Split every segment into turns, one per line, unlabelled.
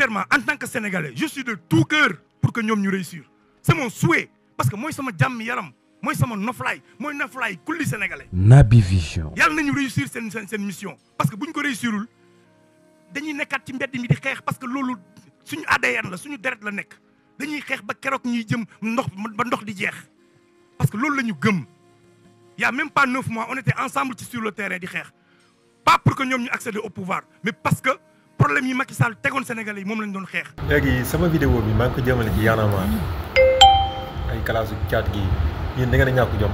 en tant que sénégalais je suis de tout cœur pour que nous réussissions. c'est mon souhait parce que moi sama moi sénégalais.
Nabi Vision.
réussir mission parce que si ko réussirul parce que homme. parce que nous nous y a même pas neuf mois on était ensemble sur le terrain pas pour que nous accéder au pouvoir mais parce que. problème yi Macky Sall tegoon Sénégalais yi moom lañ doon xeex.
léegi sama vidéo bi maa ngi ko jëmale ci Y'en a marre ay kalaasu caat gi yéen da ngeen a ñàkk jom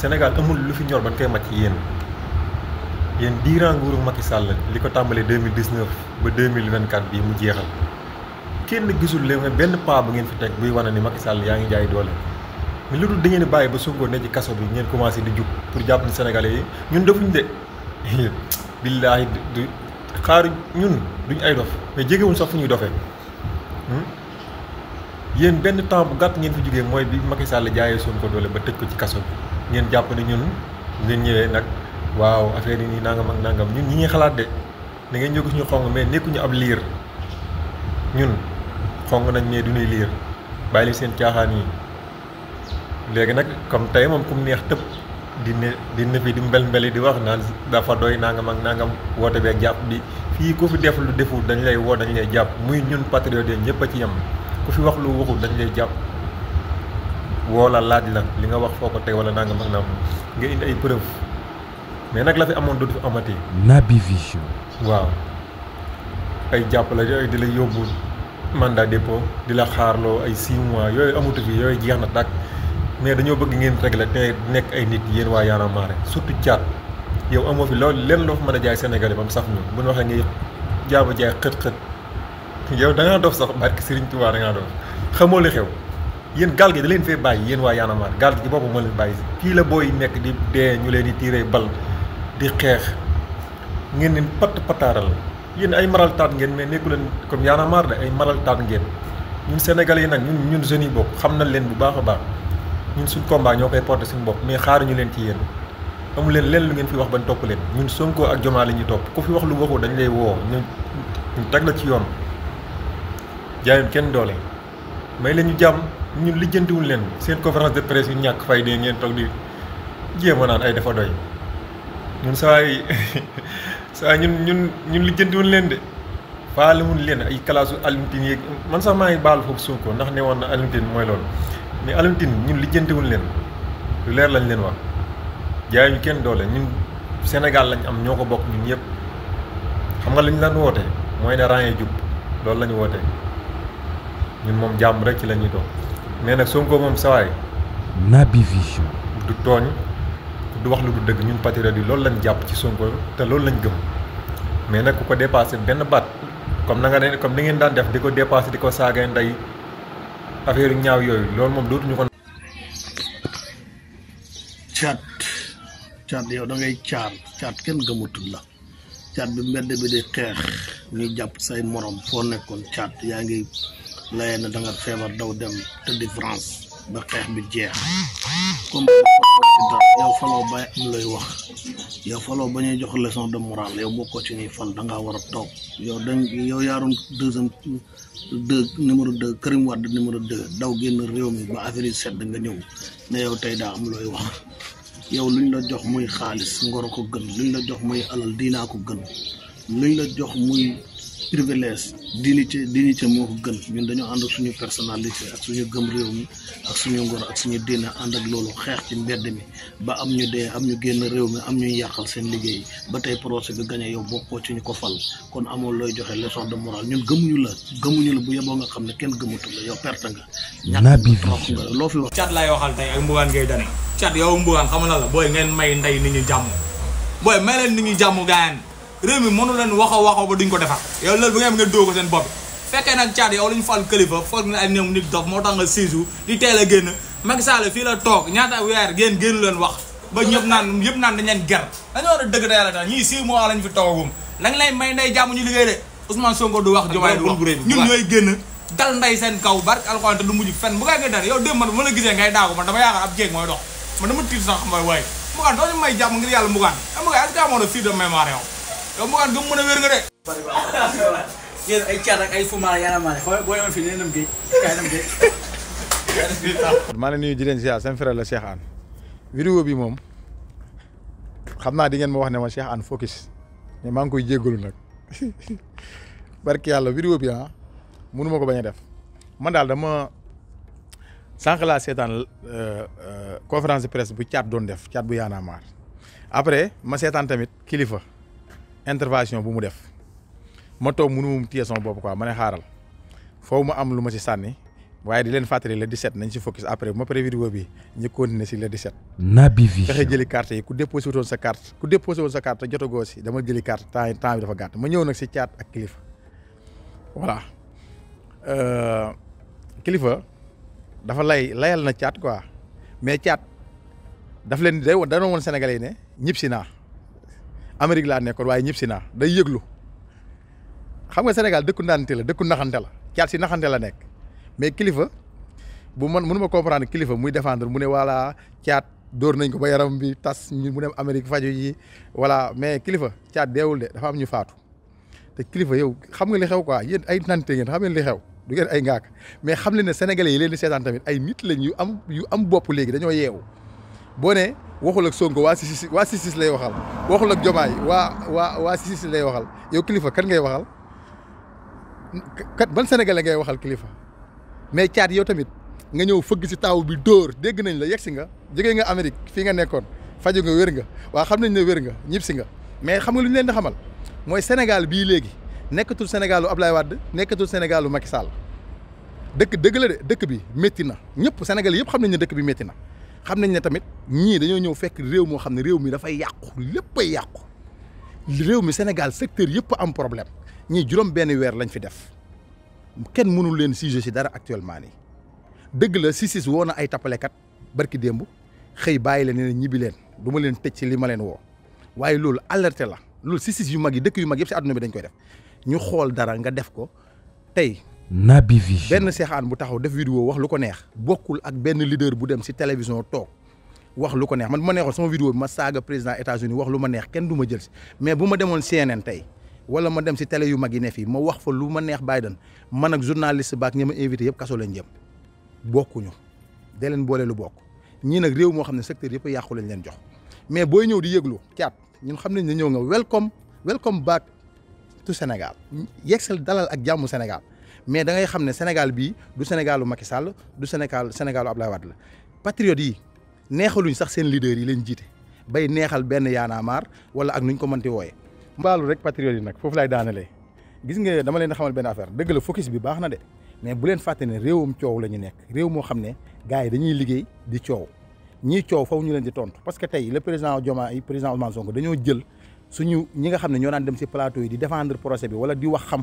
senegal amul lu fi ñor ban koy màcc yéen yéen diiraa nguuru Macky Sall li ko tàmbalee deux mille dix neuf ba deux mille vingt quatre mu jeexal kenn gisul leen benn pas bu ngeen fi teg buy wane ni Macky Sall yaa ngi jaay doole. mais lu dul da bàyyi ba Sonko ne ci kaso bi ngeen commencé di jug pour jàpp ni Sénégalais yi ñun defuñu de billaahi du xaar ñun duñ ay dof mais jegewuñ sax fu ñuy dofee hmm? yéen benn temps gàtt ngeen fi jigéen mooy bi Macky Sall jaayee ko doole ba tëj ko ci kaso bi ngeen jàpp ne ñun ngeen ñëwee nag waaw affaire yi nii nangam ak nangam ñun ñi ngi xalaat de da ngeen jóg suñu xong mais nekkuñu ab liir ñun xong nañ mais du ñuy liir bàyyi leen seen caaxaan yi léegi nag comme tey moom ku neex tëb di ne di ne fi di mbel mbeli di wax naan dafa doy nangam ak nangam woote beeg jàpp bi fii ku fi def lu deful dañ lay woo dañ lay jàpp muy ñun patriote yi ñëpp a ci yem ku fi wax lu waxul dañ lay jàpp woo la laaj la li nga wax foo ko teg wala nangam ak nangam nga indi ay preuve mais nag la fi amoon dootu fi amati. fii Vision. waaw ay jàpp la yooyu di la yóbbu mandat dépôt di la xaarloo ay 6 mois yooyu amatu fi yooyu jeex na tàkk. mais dañoo bëgg ngeen régler te nekk ay nit yéen waa Y'en a marre surtout caat yow amoo fi loolu lenn loo fa mën a jaay Sénégalais ba mu saf ñu bu ñu waxee ngay jaaba jaay xët-xët yow da ngaa sax barki Serigne Touba da ngaa dof xamoo li xew yéen gaal gi da leen fee bàyyi yéen waa Y'en a marre gaal gi ci boppam moo leen bàyyi kii la booy nekk di dee ñu leen di tiiree bal di xeex ngeen leen patt pataaral yéen ay maral taat ngeen mais nekku leen comme Y'en a ay maral ngeen ñun Sénégalais yi nag ñun ñun jeunes yi bokk xam nañ leen bu baax a baax ñun suñ combat ñoo koy porté suñu bopp mais ñu leen ci yéen amu leen leen lu ngeen fi wax bañ topp leen ñun Sonko ak Jomaa la ñuy topp ku fi wax lu waxoo dañ lay woo ñu ñu teg la ci yoon jaayum kenn doole may leen ñu jàmm ñun lijjantiwul leen seen conférence de presse yu ñàkk fay dee ngeen toog di jéem a naan ay dafa doy ñun ñun ñun ñun leen de faale wuñ leen ay kalaasu Alioune Tine yeeg man sax maa ngi baal foofu Sonko ndax ne woon na Alioune Tine mooy loolu mais Alioune Tine ñun lijjantewuñ leen lu leer lañ leen wax jaayuñu kenn doole ñun Sénégal lañ am ñoo ko bokk ñun yëpp xam nga li ñu daan woote mooy ne rang jub loolu lañu ñu woote ñun moom jàmm rek ci la ñuy doon mais nag Sonko moom sawaay
Naby Vision
du tooñ du wax lu du dëgg ñun patriotes yi loolu lañ jàpp ci Sonko te loolu lañ gëm mais nag ku ko dépassé benn baat comme na nga ne comme ni ngeen daan def di ko dépassé di ko saagay ndey affaire ñaaw yooyu loolu moom dootuñu ko. caat caat yow da ngay caar
caat kenn gëmatul la caat bi mbedd bi di xeex ñuy jàpp say moroom foo nekkoon caat yaa ngi laye na da feebar daw dem tëddi France ba xeex bi jeex comme yow faloo bàyyi am lay wax. yow faloo ba ñuy jox leçon de morale yow bokkoo ci ñuy fan da ngaa war a toog yow dañ yow yaaroon deuxième deux numéro deux Karim Wade numéro deux daw génn réew mi ba affaire yi sedd nga ñëw ne yow tey daa am looy wax yow lu ñu la jox muy xaalis ngor ko gën luñ la jox muy alal diinaa ko gën luñ la jox muy privilège dignité dignité moo ko gën ñun dañoo ànd ak suñu personnalité ak suñu gëm réew mi ak suñu ngor ak suñu diine ànd ak loolu xeex ci mbedd mi ba am ñu dee am ñu génn réew mi am ñu yàqal seen liggéey ba tey projet bi gañe yow bokkoo ci ñu ko fal kon amoo looy joxe leçon de morale ñun gëmuñu la gëmuñu la bu yeboo nga xam ne kenn gëmatu la yow perte
nga. ñàkk nga
loo fi wax. cat laay waxal tey ak mbugaan ngay dane yow mbugaan xamal la booy ngeen may ndey nit ñi jàmm booy may leen nit jàmm réew mi mënu leen waxoo waxoo ba duñ ko defar yow loolu bu ngeen ngeen dóor ko seen bopp fekkee nag caat fal kilifa foog na ay néew nit dof moo tax a génn Macky Sall fii la toog ñaata weer génn génn leen wax ba ñëpp naan ñëpp naan dañ leen ger dañoo da yàlla tax ñii man la gisee ngay daagu man dama yaakaar ab jéeg mooy dox man dama tiit sax mooy waaye mbugaan doo ñu may jàmm ngir yàlla mbugaan mbugaan est-ce que amoon na fii de mémoire yow Kamu kan gemuk nih biru wér nga de. yéen ay caat ak ay fumaar yaa la maale xool boo demoon fii nee na mu géej kaay frère la Cheikh Anne vidéo bi moom xam di ngeen ma wax ne ma Cheikh focus koy barki vidéo bi mënu def man daal dama sànq laa seetaan conférence eh, eh, de presse bu caat doon def bu après ma tamit kilifa. intervention bu mu def ma toog mënu mum téye sama bopp quoi ma ne xaaral foo mu am lu ma si sànni waaye di leen fàttali le 17 nañ ci focus après bu ma paree vidéo bi ñu continuer ci le 17. Naby Vision fexe jëli carte yi ku déposé wutoon sa carte ku déposé woon sa carte te jotagoo ci dama jëli carte temps temps bi dafa gàtt ma ñëw nag ci caat ak kilifa voilà euh, kilifa dafa lay layal na caat quoi mais caat daf leen day danoon woon Sénégalais yi ne ñib si naa. Amérique laa nekkoon waaye ñëpp si naa day yëglu xam nga Sénégal dëkku naante la dëkku naxante la caal si naxante la nekk mais kilifa bu man mënu ma comprendre kilifa muy défendre mu ne voilà caat dóor nañ ko ba yaram bi tas ñu mu dem Amérique faju ji voilà mais kilifa caat deewul de dafa am ñu faatu te kilifa yow xam nga li xew quoi yéen ay naante ngeen xam ngeen li xew du ngeen ay ngaak mais xam leen ne sénégalais yi leen seetaan tamit ay nit lañ yu am yu am bopp léegi dañoo yeewu boo ne waxul ak Sonko waa Ciss waa Ciss lay waxal waxul ak Jomaay waa waa waa Ciss lay waxal yow kilifa kan ngay waxal kat ban sénégalais ngay waxal kilifa mais caat yow tamit nga ñëw fëgg si taaw bi dóor dégg nañ la yegg si nga jegee nga Amérique fii nga nekkoon faju nga wér nga waa xam nañ ne wér nga ñib si nga mais xam nga lu ñu leen di xamal mooy Sénégal bii léegi nekkatul Sénégalu Ablaye Wade nekkatul Sénégalu Macky Sall dëkk dëgg la de dëkk bi métti na ñëpp Sénégal yëpp xam nañ dëkk bi métti na. xam nañ ne tamit ñii dañoo ñëw fekk réew moo xam ne réew mi dafay yàqu lépp ay yàqu réew mi Sénégal secteur yëpp am problème ñii juróom benn weer lañ fi def kenn mënul leen sujet si dara actuellement nii dëgg la si sis woo na ay tapalekat barki démb xëy bàyyi leen ne ñibbi leen duma leen tëj ci li ma leen woo waaye loolu alerte la loolu si sis yu mag yi dëkk yu mag yëpp si àdduna bi dañ koy def ñu xool dara nga def ko tey
Naby Vision
benn seexaan bu taxaw def vidéo wax lu ko neex bokkul ak benn leader bu dem si télévision toog wax lu ko neex man bu ma neexoon sama vidéo bi ma saaga président États-Unis wax lu ma neex kenn duma jël si mais bu ma demoon CNN tey wala ma dem si tele yu mag yi ne fii ma wax fa lu ma neex Biden man ak journaliste baak ñi ma invité yëpp kaso lañ jëm bokkuñu de leen boole lu bokk ñii nag réew moo xam ne secteur yëpp yàqu lañ leen jox mais booy ñëw di yëglu caat ñun xam nañ ne ñëw nga welcome welcome back to Sénégal yegsal dalal ak jàmmu Sénégal mais da ngay xam ne Sénégal bii du Sénégalu Macky Sall du Sénégal Sénégalu Abdoulaye Wade la patriotes yi neexaluñ sax seen leaders yi leen jiite bay neexal benn yaanaamaar wala ak nuñ ko mënti wooye mbaalu rek patriotes yi nag foofu laay daanalee gis nga dama leen xamal benn affaire dëgg la focus bi baax na de mais bu leen fàtte ne réewum coow la ñu nekk réew moo xam ne gars yi dañuy liggéey di coow ñii coow faw ñu leen di tontu parce que tey le président Diomaye président Ousmane Sonko dañoo jël suñu ñi nga xam ne ñoo daan dem ci plateau yi di défendre procès bi wala di wax xam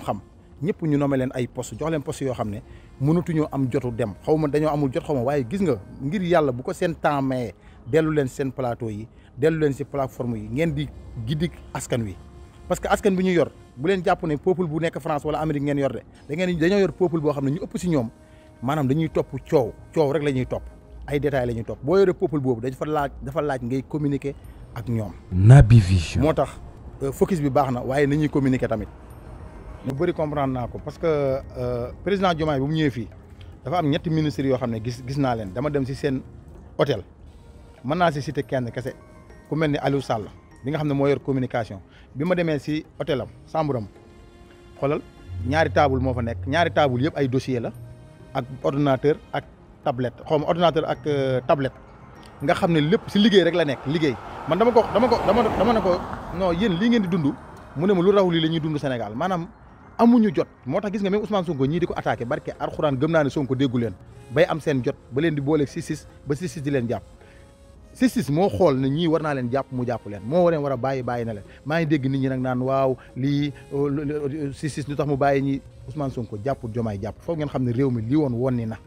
ñëpp ñu nommé leen ay poste jox leen poste yoo xam ne mënatuñoo am jotu dem xaw ma dañoo amul jot xaw ma waaye gis nga ngir yàlla bu ko seen temps mayee dellu leen seen plateau yi dellu leen si plateforme yi ngeen di giddi askan wi parce que askan bi ñu yor bu leen jàpp ne peuple bu nekk France wala Amérique ngeen yor de da ngeen dañoo yor peuple boo xam ne ñu ëpp si ñoom maanaam dañuy topp coow coow rek la ñuy topp ay détails la ñuy topp boo yoree peuple boobu dafa laaj dafa laaj ngay communiquer
ak ñoom. nabi Vision
moo tax euh, focus bi baax na waaye nañuy communiquer tamit. lu bëri comprendre naa ko parce que euh, président Diomaye bu mu ñëwee fii dafa am ñetti ministres yoo xam ne gis gis naa leen dama dem si seen hôtel mën naa si site kenn kese ku mel ni Aliou Sall bi nga xam ne moo yor communication bi ma demee si hôtel am chambre xoolal ñaari taabul moo fa nekk ñaari taabul yëpp ay dossier la ak ordinateur ak tablet xaw ordinateur ak euh, tablet nga xam ne lépp si liggéey rek la nekk liggéey man dama ko dama ko dama dama ne ko non yéen lii ngeen di dund mu ne ma lu raw lii la ñuy dund Sénégal maanaam amuñu jot moo tax gis nga même Ousmane Sonko ñii di ko attaqué barke arxuraan gëm naa ne Sonko déggu leen bay am seen jot ba leen di booleeg six ba six di leen jàpp six moo xool ne ñii war naa leen jàpp mu jàpp leen moo wareen war a bàyyi bàyyi na leen maa ngi dégg nit ñi nag naan waaw lii euh, six lu tax mu bàyyi ñi Ousmane Sonko jàppul jomaay jàpp foog ngeen xam ne réew mi lii woon woon ni na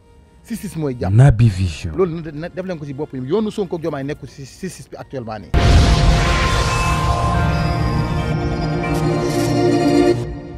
six mooy jàpp Naby Vision loolu def leen ko si bopp yoonu Sonko jomaay nekku si six bi actuellement nii